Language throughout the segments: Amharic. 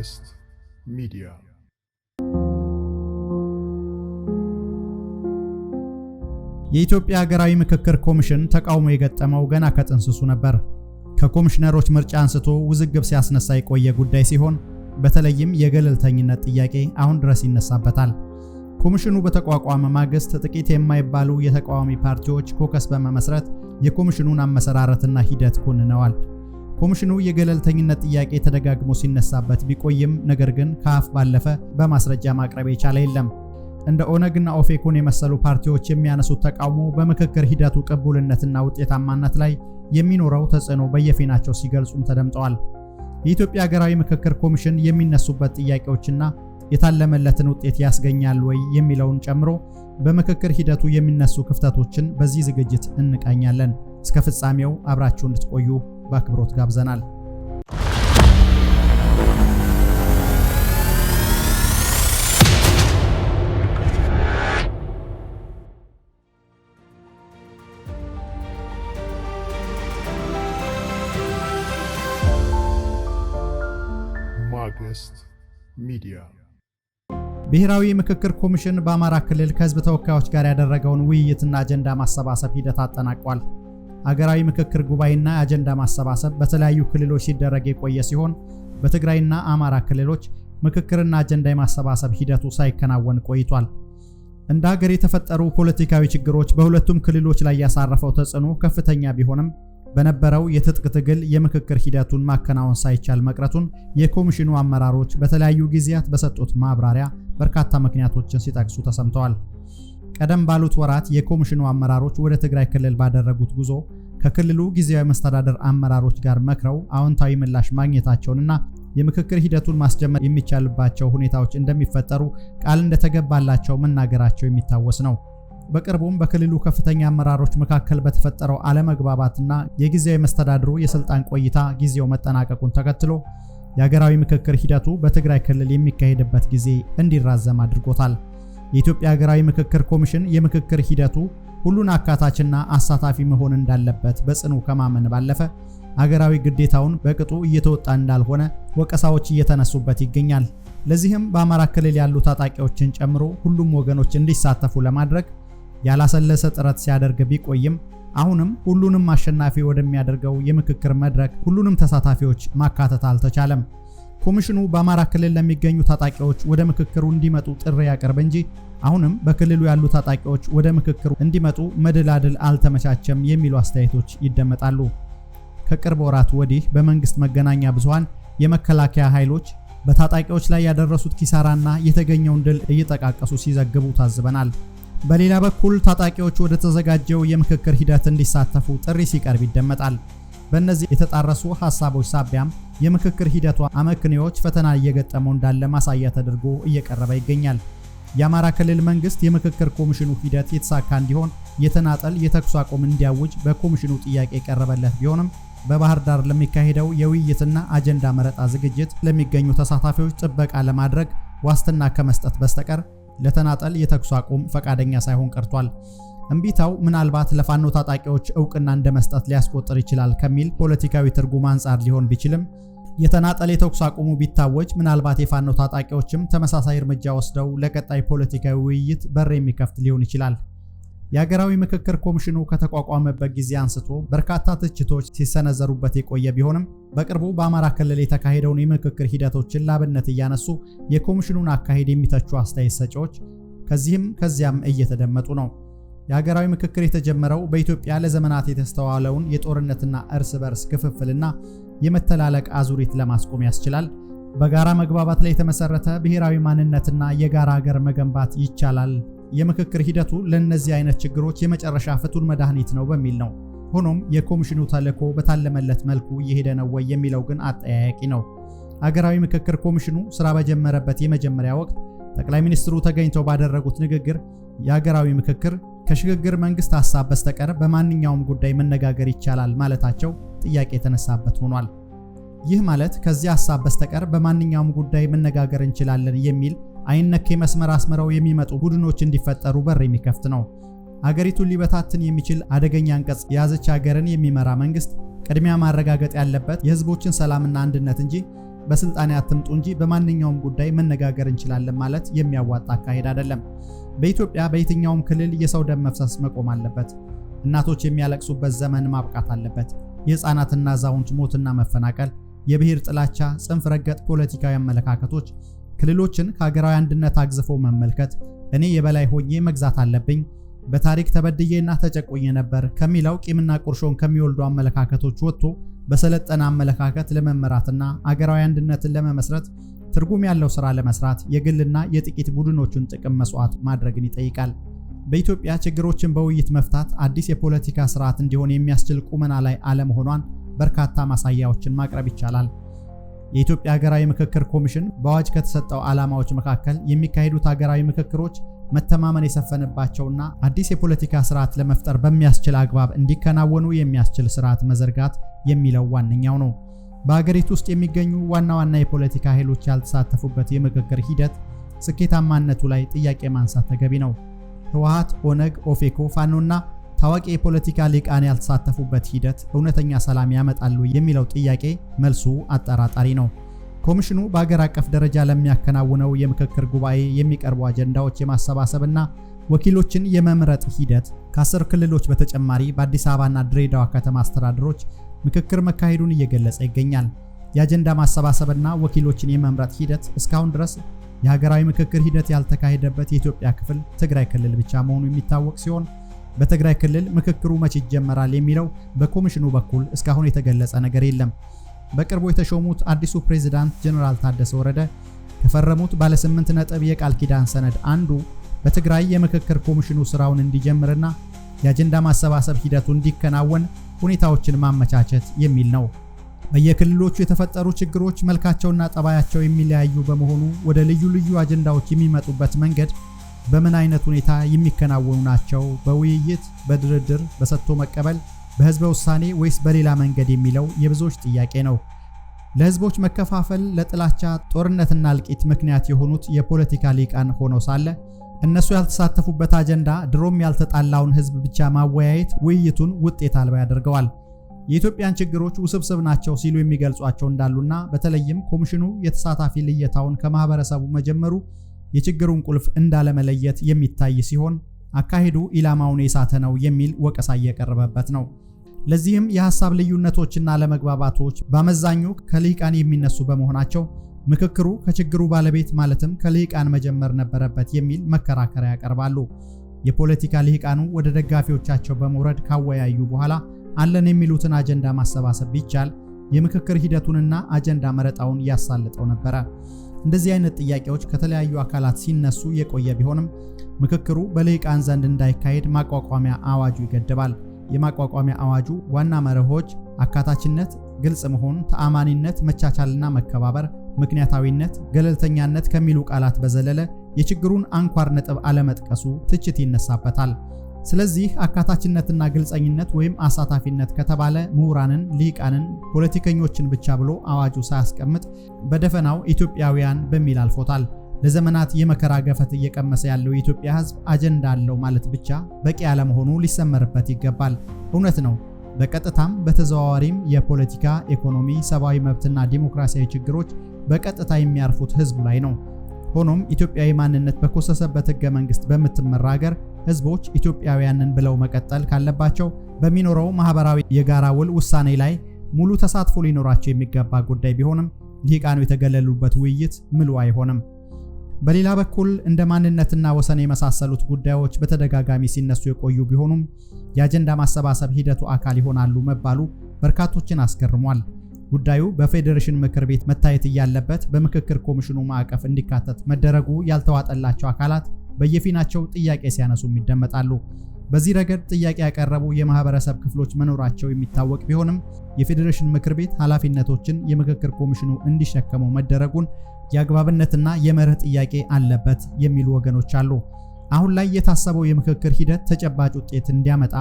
Podcast Media. የኢትዮጵያ ሀገራዊ ምክክር ኮሚሽን ተቃውሞ የገጠመው ገና ከጥንስሱ ነበር። ከኮሚሽነሮች ምርጫ አንስቶ ውዝግብ ሲያስነሳ የቆየ ጉዳይ ሲሆን በተለይም የገለልተኝነት ጥያቄ አሁን ድረስ ይነሳበታል። ኮሚሽኑ በተቋቋመ ማግስት ጥቂት የማይባሉ የተቃዋሚ ፓርቲዎች ኮከስ በመመስረት የኮሚሽኑን አመሰራረትና ሂደት ኮንነዋል። ኮሚሽኑ የገለልተኝነት ጥያቄ ተደጋግሞ ሲነሳበት ቢቆይም ነገር ግን ከአፍ ባለፈ በማስረጃ ማቅረብ የቻለ የለም። እንደ ኦነግና ኦፌኮን የመሰሉ ፓርቲዎች የሚያነሱት ተቃውሞ በምክክር ሂደቱ ቅቡልነትና ውጤታማነት ላይ የሚኖረው ተጽዕኖ በየፊናቸው ሲገልጹም ተደምጠዋል። የኢትዮጵያ ሀገራዊ ምክክር ኮሚሽን የሚነሱበት ጥያቄዎችና የታለመለትን ውጤት ያስገኛል ወይ የሚለውን ጨምሮ በምክክር ሂደቱ የሚነሱ ክፍተቶችን በዚህ ዝግጅት እንቃኛለን። እስከ ፍጻሜው አብራችሁ እንድትቆዩ በአክብሮት ጋብዘናል። ማግስት ሚዲያ ብሔራዊ ምክክር ኮሚሽን በአማራ ክልል ከህዝብ ተወካዮች ጋር ያደረገውን ውይይትና አጀንዳ ማሰባሰብ ሂደት አጠናቋል። አገራዊ ምክክር ጉባኤና አጀንዳ ማሰባሰብ በተለያዩ ክልሎች ሲደረግ የቆየ ሲሆን በትግራይና አማራ ክልሎች ምክክርና አጀንዳ የማሰባሰብ ሂደቱ ሳይከናወን ቆይቷል። እንደ ሀገር የተፈጠሩ ፖለቲካዊ ችግሮች በሁለቱም ክልሎች ላይ ያሳረፈው ተጽዕኖ ከፍተኛ ቢሆንም በነበረው የትጥቅ ትግል የምክክር ሂደቱን ማከናወን ሳይቻል መቅረቱን የኮሚሽኑ አመራሮች በተለያዩ ጊዜያት በሰጡት ማብራሪያ በርካታ ምክንያቶችን ሲጠቅሱ ተሰምተዋል። ቀደም ባሉት ወራት የኮሚሽኑ አመራሮች ወደ ትግራይ ክልል ባደረጉት ጉዞ ከክልሉ ጊዜያዊ መስተዳደር አመራሮች ጋር መክረው አዎንታዊ ምላሽ ማግኘታቸውንና የምክክር ሂደቱን ማስጀመር የሚቻልባቸው ሁኔታዎች እንደሚፈጠሩ ቃል እንደተገባላቸው መናገራቸው የሚታወስ ነው። በቅርቡም በክልሉ ከፍተኛ አመራሮች መካከል በተፈጠረው አለመግባባትና የጊዜያዊ መስተዳድሩ የስልጣን ቆይታ ጊዜው መጠናቀቁን ተከትሎ የሀገራዊ ምክክር ሂደቱ በትግራይ ክልል የሚካሄድበት ጊዜ እንዲራዘም አድርጎታል። የኢትዮጵያ ሀገራዊ ምክክር ኮሚሽን የምክክር ሂደቱ ሁሉን አካታችና አሳታፊ መሆን እንዳለበት በጽኑ ከማመን ባለፈ ሀገራዊ ግዴታውን በቅጡ እየተወጣ እንዳልሆነ ወቀሳዎች እየተነሱበት ይገኛል። ለዚህም በአማራ ክልል ያሉ ታጣቂዎችን ጨምሮ ሁሉም ወገኖች እንዲሳተፉ ለማድረግ ያላሰለሰ ጥረት ሲያደርግ ቢቆይም አሁንም ሁሉንም አሸናፊ ወደሚያደርገው የምክክር መድረክ ሁሉንም ተሳታፊዎች ማካተት አልተቻለም። ኮሚሽኑ በአማራ ክልል ለሚገኙ ታጣቂዎች ወደ ምክክሩ እንዲመጡ ጥሪ ያቀርብ እንጂ አሁንም በክልሉ ያሉ ታጣቂዎች ወደ ምክክሩ እንዲመጡ መደላደል አልተመቻቸም የሚሉ አስተያየቶች ይደመጣሉ። ከቅርብ ወራት ወዲህ በመንግስት መገናኛ ብዙሃን የመከላከያ ኃይሎች በታጣቂዎች ላይ ያደረሱት ኪሳራና የተገኘውን ድል እየጠቃቀሱ ሲዘግቡ ታዝበናል። በሌላ በኩል ታጣቂዎች ወደ ተዘጋጀው የምክክር ሂደት እንዲሳተፉ ጥሪ ሲቀርብ ይደመጣል። በእነዚህ የተጣረሱ ሀሳቦች ሳቢያም የምክክር ሂደቷ አመክንዮዎች ፈተና እየገጠመው እንዳለ ማሳያ ተደርጎ እየቀረበ ይገኛል። የአማራ ክልል መንግስት የምክክር ኮሚሽኑ ሂደት የተሳካ እንዲሆን የተናጠል የተኩስ አቁም እንዲያውጅ በኮሚሽኑ ጥያቄ የቀረበለት ቢሆንም በባህር ዳር ለሚካሄደው የውይይትና አጀንዳ መረጣ ዝግጅት ለሚገኙ ተሳታፊዎች ጥበቃ ለማድረግ ዋስትና ከመስጠት በስተቀር ለተናጠል የተኩስ አቁም ፈቃደኛ ሳይሆን ቀርቷል። እምቢታው ምናልባት ለፋኖ ታጣቂዎች እውቅና እንደመስጠት ሊያስቆጥር ይችላል ከሚል ፖለቲካዊ ትርጉም አንጻር ሊሆን ቢችልም የተናጠል የተኩስ አቁሙ ቢታወጅ ምናልባት የፋኖ ታጣቂዎችም ተመሳሳይ እርምጃ ወስደው ለቀጣይ ፖለቲካዊ ውይይት በር የሚከፍት ሊሆን ይችላል። የሀገራዊ ምክክር ኮሚሽኑ ከተቋቋመበት ጊዜ አንስቶ በርካታ ትችቶች ሲሰነዘሩበት የቆየ ቢሆንም በቅርቡ በአማራ ክልል የተካሄደውን የምክክር ሂደቶችን ላብነት እያነሱ የኮሚሽኑን አካሄድ የሚተቹ አስተያየት ሰጪዎች ከዚህም ከዚያም እየተደመጡ ነው። የሀገራዊ ምክክር የተጀመረው በኢትዮጵያ ለዘመናት የተስተዋለውን የጦርነትና እርስ በርስ ክፍፍልና የመተላለቅ አዙሪት ለማስቆም ያስችላል። በጋራ መግባባት ላይ የተመሰረተ ብሔራዊ ማንነትና የጋራ ሀገር መገንባት ይቻላል። የምክክር ሂደቱ ለእነዚህ አይነት ችግሮች የመጨረሻ ፍቱን መድኃኒት ነው በሚል ነው። ሆኖም የኮሚሽኑ ተልዕኮ በታለመለት መልኩ እየሄደ ነው ወይ የሚለው ግን አጠያያቂ ነው። አገራዊ ምክክር ኮሚሽኑ ስራ በጀመረበት የመጀመሪያ ወቅት ጠቅላይ ሚኒስትሩ ተገኝተው ባደረጉት ንግግር የሀገራዊ ምክክር ከሽግግር መንግስት ሀሳብ በስተቀር በማንኛውም ጉዳይ መነጋገር ይቻላል ማለታቸው ጥያቄ የተነሳበት ሆኗል። ይህ ማለት ከዚህ ሀሳብ በስተቀር በማንኛውም ጉዳይ መነጋገር እንችላለን የሚል አይነኬ መስመር አስምረው የሚመጡ ቡድኖች እንዲፈጠሩ በር የሚከፍት ነው። አገሪቱን ሊበታትን የሚችል አደገኛ አንቀጽ የያዘች ሀገርን የሚመራ መንግስት ቅድሚያ ማረጋገጥ ያለበት የህዝቦችን ሰላምና አንድነት እንጂ በስልጣን አትምጡ እንጂ በማንኛውም ጉዳይ መነጋገር እንችላለን ማለት የሚያዋጣ አካሄድ አይደለም። በኢትዮጵያ በየትኛውም ክልል የሰው ደም መፍሰስ መቆም አለበት። እናቶች የሚያለቅሱበት ዘመን ማብቃት አለበት። የህፃናትና አዛውንት ሞትና መፈናቀል፣ የብሔር ጥላቻ፣ ጽንፍ ረገጥ ፖለቲካዊ አመለካከቶች ክልሎችን ከሀገራዊ አንድነት አግዝፎ መመልከት፣ እኔ የበላይ ሆኜ መግዛት አለብኝ፣ በታሪክ ተበድዬና ተጨቆኜ ነበር ከሚለው ቂምና ቁርሾን ከሚወልዱ አመለካከቶች ወጥቶ በሰለጠነ አመለካከት ለመመራትና አገራዊ አንድነትን ለመመስረት ትርጉም ያለው ስራ ለመስራት የግልና የጥቂት ቡድኖቹን ጥቅም መስዋዕት ማድረግን ይጠይቃል። በኢትዮጵያ ችግሮችን በውይይት መፍታት አዲስ የፖለቲካ ስርዓት እንዲሆን የሚያስችል ቁመና ላይ አለመሆኗን በርካታ ማሳያዎችን ማቅረብ ይቻላል። የኢትዮጵያ ሀገራዊ ምክክር ኮሚሽን በአዋጅ ከተሰጠው ዓላማዎች መካከል የሚካሄዱት ሀገራዊ ምክክሮች መተማመን የሰፈነባቸውና አዲስ የፖለቲካ ስርዓት ለመፍጠር በሚያስችል አግባብ እንዲከናወኑ የሚያስችል ስርዓት መዘርጋት የሚለው ዋነኛው ነው። በሀገሪቱ ውስጥ የሚገኙ ዋና ዋና የፖለቲካ ኃይሎች ያልተሳተፉበት የምክክር ሂደት ስኬታማነቱ ላይ ጥያቄ ማንሳት ተገቢ ነው። ህወሀት፣ ኦነግ፣ ኦፌኮ፣ ፋኖና ታዋቂ የፖለቲካ ሊቃን ያልተሳተፉበት ሂደት እውነተኛ ሰላም ያመጣሉ የሚለው ጥያቄ መልሱ አጠራጣሪ ነው። ኮሚሽኑ በአገር አቀፍ ደረጃ ለሚያከናውነው የምክክር ጉባኤ የሚቀርቡ አጀንዳዎች የማሰባሰብና ወኪሎችን የመምረጥ ሂደት ከአስር ክልሎች በተጨማሪ በአዲስ አበባና ድሬዳዋ ከተማ አስተዳደሮች ምክክር መካሄዱን እየገለጸ ይገኛል። የአጀንዳ ማሰባሰብና ወኪሎችን የመምረጥ ሂደት እስካሁን ድረስ የሀገራዊ ምክክር ሂደት ያልተካሄደበት የኢትዮጵያ ክፍል ትግራይ ክልል ብቻ መሆኑ የሚታወቅ ሲሆን በትግራይ ክልል ምክክሩ መቼ ይጀመራል የሚለው በኮሚሽኑ በኩል እስካሁን የተገለጸ ነገር የለም። በቅርቡ የተሾሙት አዲሱ ፕሬዝዳንት ጀኔራል ታደሰ ወረደ ከፈረሙት ባለ ስምንት ነጥብ የቃል ኪዳን ሰነድ አንዱ በትግራይ የምክክር ኮሚሽኑ ስራውን እንዲጀምርና የአጀንዳ ማሰባሰብ ሂደቱ እንዲከናወን ሁኔታዎችን ማመቻቸት የሚል ነው። በየክልሎቹ የተፈጠሩ ችግሮች መልካቸውና ጠባያቸው የሚለያዩ በመሆኑ ወደ ልዩ ልዩ አጀንዳዎች የሚመጡበት መንገድ በምን አይነት ሁኔታ የሚከናወኑ ናቸው? በውይይት፣ በድርድር፣ በሰጥቶ መቀበል፣ በህዝበ ውሳኔ ወይስ በሌላ መንገድ የሚለው የብዙዎች ጥያቄ ነው። ለህዝቦች መከፋፈል፣ ለጥላቻ ጦርነትና እልቂት ምክንያት የሆኑት የፖለቲካ ሊቃን ሆነው ሳለ እነሱ ያልተሳተፉበት አጀንዳ ድሮም ያልተጣላውን ህዝብ ብቻ ማወያየት ውይይቱን ውጤት አልባ ያደርገዋል። የኢትዮጵያን ችግሮች ውስብስብ ናቸው ሲሉ የሚገልጿቸው እንዳሉና በተለይም ኮሚሽኑ የተሳታፊ ልየታውን ከማህበረሰቡ መጀመሩ የችግሩን ቁልፍ እንዳለመለየት የሚታይ ሲሆን አካሄዱ ኢላማውን የሳተ ነው የሚል ወቀሳ እየቀረበበት ነው። ለዚህም የሀሳብ ልዩነቶችና ለመግባባቶች በአመዛኙ ከልሂቃን የሚነሱ በመሆናቸው ምክክሩ ከችግሩ ባለቤት ማለትም ከልሂቃን መጀመር ነበረበት የሚል መከራከሪያ ያቀርባሉ። የፖለቲካ ልሂቃኑ ወደ ደጋፊዎቻቸው በመውረድ ካወያዩ በኋላ አለን የሚሉትን አጀንዳ ማሰባሰብ ቢቻል የምክክር ሂደቱንና አጀንዳ መረጣውን ያሳልጠው ነበረ። እንደዚህ አይነት ጥያቄዎች ከተለያዩ አካላት ሲነሱ የቆየ ቢሆንም ምክክሩ በልሂቃን ዘንድ እንዳይካሄድ ማቋቋሚያ አዋጁ ይገድባል። የማቋቋሚያ አዋጁ ዋና መርሆች አካታችነት፣ ግልጽ መሆን፣ ተአማኒነት፣ መቻቻልና መከባበር ምክንያታዊነት፣ ገለልተኛነት ከሚሉ ቃላት በዘለለ የችግሩን አንኳር ነጥብ አለመጥቀሱ ትችት ይነሳበታል። ስለዚህ አካታችነትና ግልጸኝነት ወይም አሳታፊነት ከተባለ ምሁራንን፣ ሊቃንን ፖለቲከኞችን ብቻ ብሎ አዋጁ ሳያስቀምጥ በደፈናው ኢትዮጵያውያን በሚል አልፎታል። ለዘመናት የመከራ ገፈት እየቀመሰ ያለው የኢትዮጵያ ሕዝብ አጀንዳ አለው ማለት ብቻ በቂ አለመሆኑ ሊሰመርበት ይገባል። እውነት ነው። በቀጥታም በተዘዋዋሪም የፖለቲካ፣ ኢኮኖሚ፣ ሰብአዊ መብትና ዲሞክራሲያዊ ችግሮች በቀጥታ የሚያርፉት ህዝቡ ላይ ነው። ሆኖም ኢትዮጵያዊ ማንነት በኮሰሰበት ህገ መንግስት በምትመራ ሀገር ህዝቦች ኢትዮጵያውያንን ብለው መቀጠል ካለባቸው በሚኖረው ማህበራዊ የጋራ ውል ውሳኔ ላይ ሙሉ ተሳትፎ ሊኖራቸው የሚገባ ጉዳይ ቢሆንም ሊቃኑ የተገለሉበት ውይይት ምሉ አይሆንም። በሌላ በኩል እንደ ማንነትና ወሰን የመሳሰሉት ጉዳዮች በተደጋጋሚ ሲነሱ የቆዩ ቢሆኑም የአጀንዳ ማሰባሰብ ሂደቱ አካል ይሆናሉ መባሉ በርካቶችን አስገርሟል። ጉዳዩ በፌዴሬሽን ምክር ቤት መታየት እያለበት በምክክር ኮሚሽኑ ማዕቀፍ እንዲካተት መደረጉ ያልተዋጠላቸው አካላት በየፊናቸው ጥያቄ ሲያነሱም ይደመጣሉ። በዚህ ረገድ ጥያቄ ያቀረቡ የማህበረሰብ ክፍሎች መኖራቸው የሚታወቅ ቢሆንም የፌዴሬሽን ምክር ቤት ኃላፊነቶችን የምክክር ኮሚሽኑ እንዲሸከመው መደረጉን የአግባብነትና የመርህ ጥያቄ አለበት የሚሉ ወገኖች አሉ። አሁን ላይ የታሰበው የምክክር ሂደት ተጨባጭ ውጤት እንዲያመጣ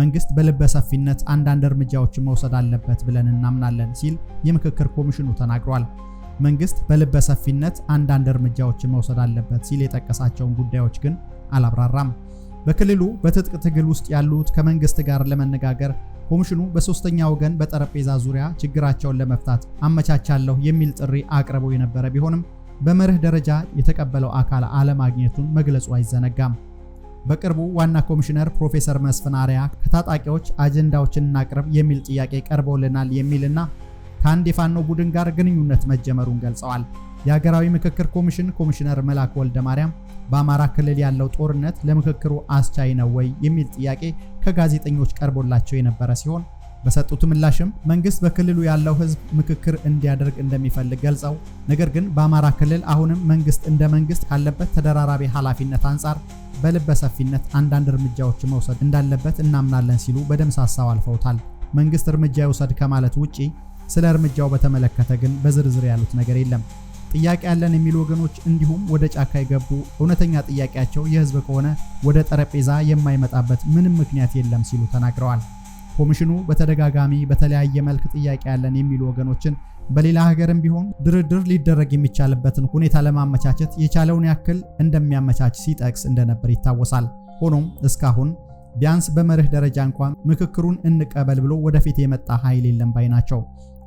መንግስት በልበ ሰፊነት አንዳንድ እርምጃዎችን መውሰድ አለበት ብለን እናምናለን ሲል የምክክር ኮሚሽኑ ተናግሯል። መንግስት በልበ ሰፊነት አንዳንድ እርምጃዎችን መውሰድ አለበት ሲል የጠቀሳቸውን ጉዳዮች ግን አላብራራም። በክልሉ በትጥቅ ትግል ውስጥ ያሉት ከመንግስት ጋር ለመነጋገር ኮሚሽኑ በሶስተኛ ወገን በጠረጴዛ ዙሪያ ችግራቸውን ለመፍታት አመቻቻለሁ የሚል ጥሪ አቅርቦ የነበረ ቢሆንም በመርህ ደረጃ የተቀበለው አካል አለማግኘቱን መግለጹ አይዘነጋም። በቅርቡ ዋና ኮሚሽነር ፕሮፌሰር መስፍን አርአያ ከታጣቂዎች አጀንዳዎችን እናቅርብ የሚል ጥያቄ ቀርቦልናል የሚልና ከአንድ የፋኖ ቡድን ጋር ግንኙነት መጀመሩን ገልጸዋል። የሀገራዊ ምክክር ኮሚሽን ኮሚሽነር መላክ ወልደ ማርያም በአማራ ክልል ያለው ጦርነት ለምክክሩ አስቻይ ነው ወይ የሚል ጥያቄ ከጋዜጠኞች ቀርቦላቸው የነበረ ሲሆን በሰጡት ምላሽም መንግስት በክልሉ ያለው ህዝብ ምክክር እንዲያደርግ እንደሚፈልግ ገልጸው ነገር ግን በአማራ ክልል አሁንም መንግስት እንደ መንግስት ካለበት ተደራራቢ ኃላፊነት አንጻር ሰፊነት አንዳንድ እርምጃዎች መውሰድ እንዳለበት እናምናለን ሲሉ በደምሳሳው አልፈውታል። መንግስት እርምጃ ይውሰድ ከማለት ውጪ ስለ እርምጃው በተመለከተ ግን በዝርዝር ያሉት ነገር የለም። ጥያቄ ያለን የሚሉ ወገኖች እንዲሁም ወደ ጫካ የገቡ እውነተኛ ጥያቄያቸው የህዝብ ከሆነ ወደ ጠረጴዛ የማይመጣበት ምንም ምክንያት የለም ሲሉ ተናግረዋል። ኮሚሽኑ በተደጋጋሚ በተለያየ መልክ ጥያቄ ያለን የሚሉ ወገኖችን በሌላ ሀገርም ቢሆን ድርድር ሊደረግ የሚቻልበትን ሁኔታ ለማመቻቸት የቻለውን ያክል እንደሚያመቻች ሲጠቅስ እንደነበር ይታወሳል። ሆኖም እስካሁን ቢያንስ በመርህ ደረጃ እንኳን ምክክሩን እንቀበል ብሎ ወደፊት የመጣ ኃይል የለም ባይ ናቸው።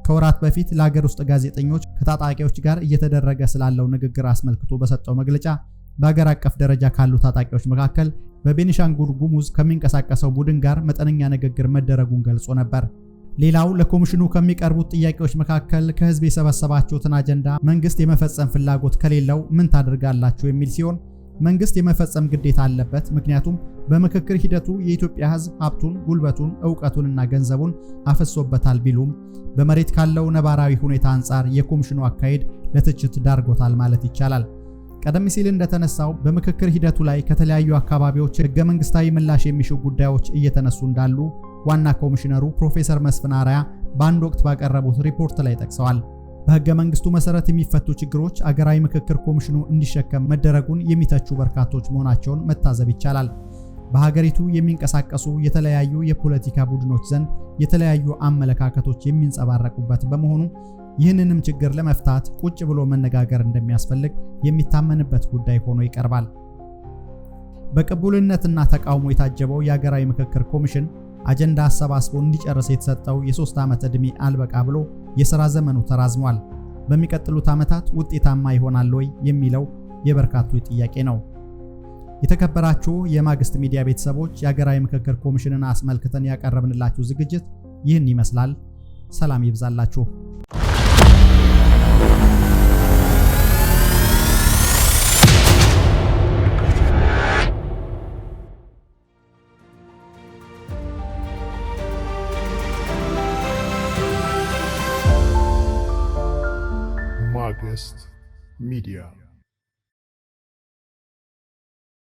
ከወራት በፊት ለሀገር ውስጥ ጋዜጠኞች ከታጣቂዎች ጋር እየተደረገ ስላለው ንግግር አስመልክቶ በሰጠው መግለጫ በሀገር አቀፍ ደረጃ ካሉ ታጣቂዎች መካከል በቤኒሻንጉል ጉሙዝ ከሚንቀሳቀሰው ቡድን ጋር መጠነኛ ንግግር መደረጉን ገልጾ ነበር። ሌላው ለኮሚሽኑ ከሚቀርቡት ጥያቄዎች መካከል ከህዝብ የሰበሰባችሁትን አጀንዳ መንግስት የመፈጸም ፍላጎት ከሌለው ምን ታደርጋላችሁ የሚል ሲሆን መንግስት የመፈጸም ግዴታ አለበት። ምክንያቱም በምክክር ሂደቱ የኢትዮጵያ ሕዝብ ሀብቱን፣ ጉልበቱን፣ እውቀቱንና ገንዘቡን አፈሶበታል ቢሉም በመሬት ካለው ነባራዊ ሁኔታ አንጻር የኮሚሽኑ አካሄድ ለትችት ዳርጎታል ማለት ይቻላል። ቀደም ሲል እንደተነሳው በምክክር ሂደቱ ላይ ከተለያዩ አካባቢዎች ህገ መንግስታዊ ምላሽ የሚሹ ጉዳዮች እየተነሱ እንዳሉ ዋና ኮሚሽነሩ ፕሮፌሰር መስፍን አርአያ በአንድ ወቅት ባቀረቡት ሪፖርት ላይ ጠቅሰዋል። በህገ መንግስቱ መሰረት የሚፈቱ ችግሮች አገራዊ ምክክር ኮሚሽኑ እንዲሸከም መደረጉን የሚተቹ በርካቶች መሆናቸውን መታዘብ ይቻላል። በሀገሪቱ የሚንቀሳቀሱ የተለያዩ የፖለቲካ ቡድኖች ዘንድ የተለያዩ አመለካከቶች የሚንጸባረቁበት በመሆኑ ይህንንም ችግር ለመፍታት ቁጭ ብሎ መነጋገር እንደሚያስፈልግ የሚታመንበት ጉዳይ ሆኖ ይቀርባል። በቅቡልነትና ተቃውሞ የታጀበው የሀገራዊ ምክክር ኮሚሽን አጀንዳ አሰባስቦ እንዲጨርስ የተሰጠው የሶስት ዓመት ዕድሜ አልበቃ ብሎ የሥራ ዘመኑ ተራዝሟል። በሚቀጥሉት ዓመታት ውጤታማ ይሆናል ወይ የሚለው የበርካቶች ጥያቄ ነው። የተከበራችሁ የማግስት ሚዲያ ቤተሰቦች የሀገራዊ ምክክር ኮሚሽንን አስመልክተን ያቀረብንላችሁ ዝግጅት ይህን ይመስላል። ሰላም ይብዛላችሁ። Media